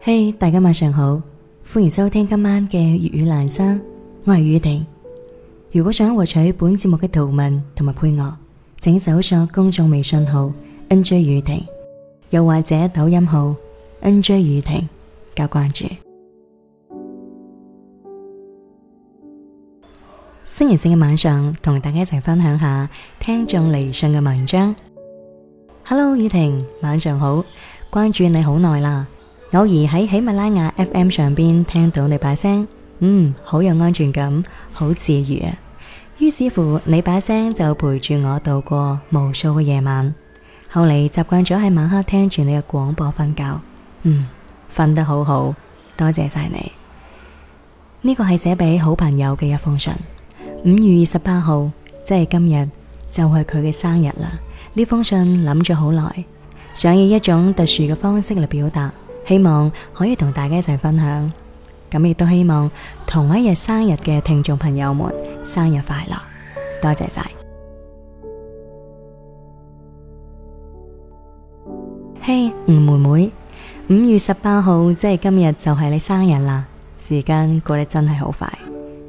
嘿，hey, 大家晚上好，歡迎收聽今晚嘅粵語闌珊，我係宇婷。如果想獲取本節目嘅圖文同埋配樂，請搜索公眾微信號 NJ 宇婷，又或者抖音號 NJ 宇婷，加關注。星期四嘅晚上，同大家一齊分享下聽眾嚟信嘅文章。hello，宇婷，晚上好，關注你好耐啦，偶爾喺喜馬拉雅 FM 上邊聽到你把聲，嗯，好有安全感，好治癒。啊，於是乎你把聲就陪住我度過無數嘅夜晚，後嚟習慣咗喺晚黑聽住你嘅廣播瞓覺，嗯，瞓得好好，多謝曬你，呢個係寫俾好朋友嘅一封信，五月二十八號，即係今日，就係佢嘅生日啦。呢封信諗咗好耐，想以一種特殊嘅方式嚟表達，希望可以同大家一齊分享。咁亦都希望同一日生日嘅聽眾朋友們生日快樂！多謝晒。嘿，hey，吳妹妹，五月十八號即係今日，就係你生日啦！時間過得真係好快，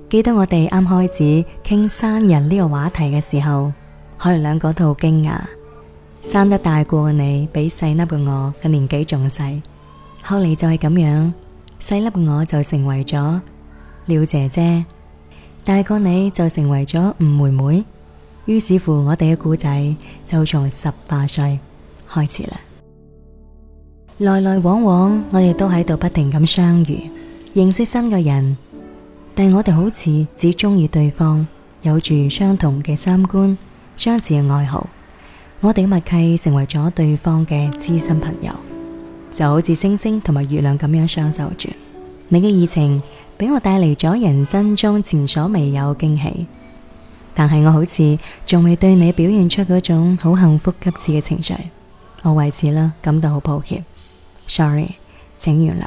記得我哋啱開始傾生日呢個話題嘅時候。我哋兩個都好驚訝，生得大過你，比細粒嘅我嘅年紀仲細。後嚟就係咁樣，細粒嘅我就成為咗廖姐姐，大個你就成為咗吳妹妹。於是乎，我哋嘅故仔就從十八歲開始啦。來來往往，我哋都喺度不停咁相遇，認識新嘅人，但我哋好似只中意對方，有住相同嘅三觀。相似嘅愛好，我哋嘅默契成為咗對方嘅知心朋友，就好似星星同埋月亮咁樣相守住。你嘅熱情俾我帶嚟咗人生中前所未有嘅驚喜，但係我好似仲未對你表現出嗰種好幸福急切嘅情緒，我為此啦感到好抱歉，sorry，請原諒。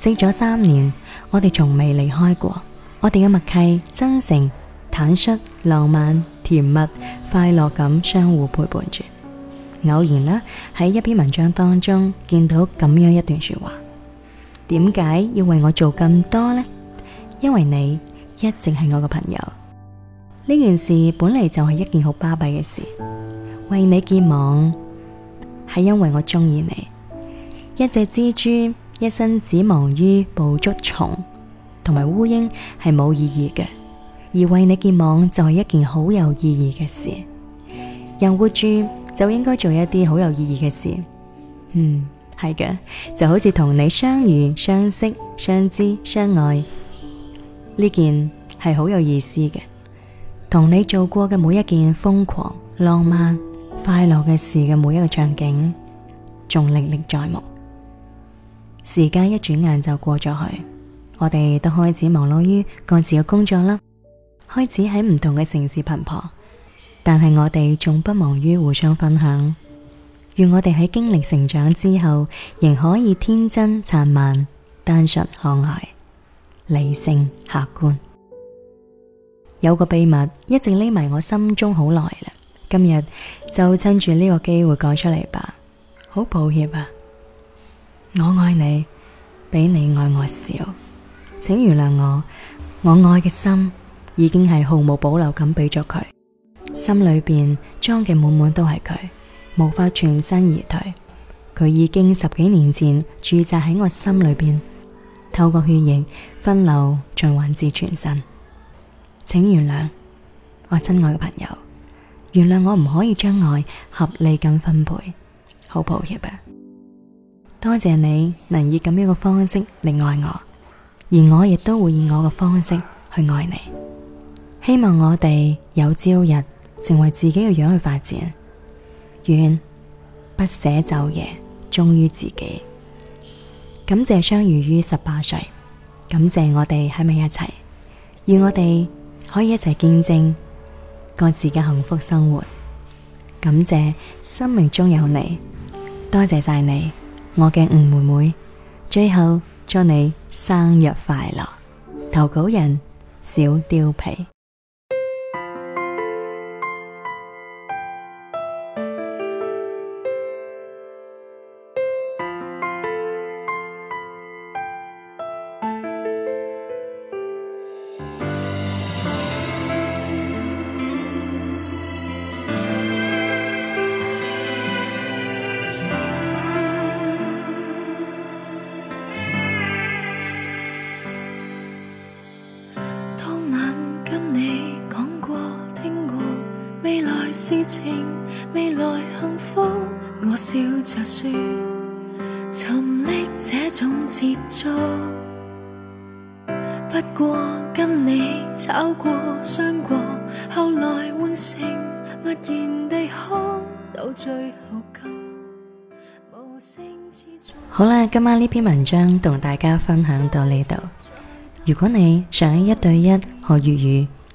識咗三年，我哋從未離開過，我哋嘅默契真誠、坦率、浪漫。甜蜜、快樂咁相互陪伴住。偶然啦，喺一篇文章當中見到咁樣一段說話：點解要為我做咁多呢？因為你一直係我嘅朋友。呢件事本嚟就係一件好巴閉嘅事。為你結網，係因為我中意你。一隻蜘蛛一生只忙於捕捉蟲同埋烏蠅，係冇意義嘅。而為你結網就係一件好有意義嘅事。人活住就應該做一啲好有意義嘅事。嗯，係嘅，就好似同你相遇、相識、相知、相愛。呢件係好有意思嘅。同你做過嘅每一件瘋狂、浪漫、快樂嘅事嘅每一個場景，仲歷歷在目。時間一轉眼就過咗去，我哋都開始忙碌於各自嘅工作啦。開始喺唔同嘅城市奔波，但係我哋仲不忘於互相分享。願我哋喺經歷成長之後，仍可以天真爛漫、單純可愛、理性客觀。有個秘密一直匿埋我心中好耐啦，今日就趁住呢個機會講出嚟吧。好抱歉啊，我愛你，比你愛我少，請原諒我，我愛嘅心。已經係毫無保留咁俾咗佢，心裏邊裝嘅滿滿都係佢，無法全身而退。佢已經十幾年前駐紮喺我心裏邊，透過血液分流循環至全身。請原諒，我親愛嘅朋友，原諒我唔可以將愛合理咁分配，好抱歉啊。多謝你能以咁樣嘅方式嚟愛我，而我亦都會以我嘅方式去愛你。希望我哋有朝日，成為自己嘅樣去發展。願不捨晝夜，忠於自己。感謝相遇於十八歲，感謝我哋喺埋一齊，願我哋可以一齊見證各自嘅幸福生活。感謝生命中有你，多謝晒你，我嘅吳妹妹。最後祝你生日快樂！投稿人小雕皮。情未來幸福，我笑著說，沉溺這種執著，不過跟你吵過、傷過，後來問心默然地哭，到最後夠無聲之中。好啦，今晚呢篇文章同大家分享到呢度。如果你想一對一學粵語。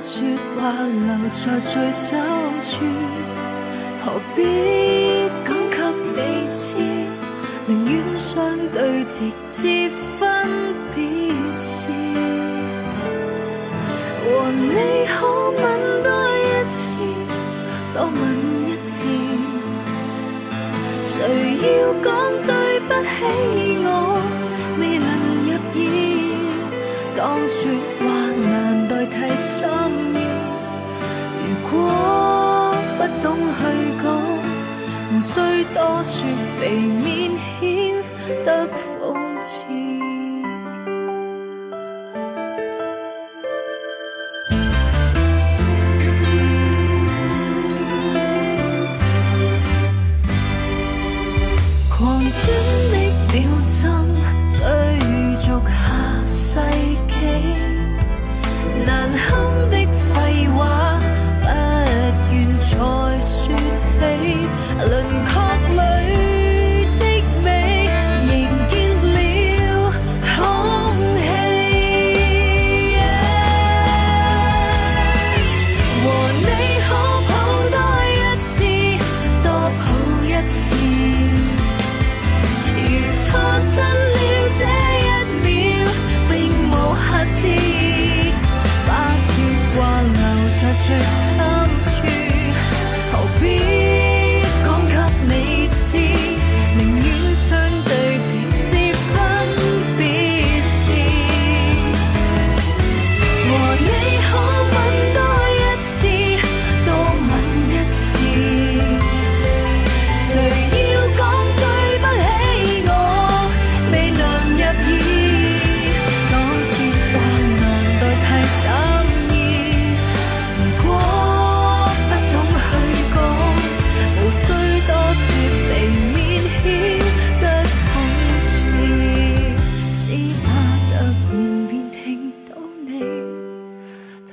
説話留在最深處，何必講給你知？寧願相對，直接分別時。和你可吻多一次，多吻一次。誰要講對不起？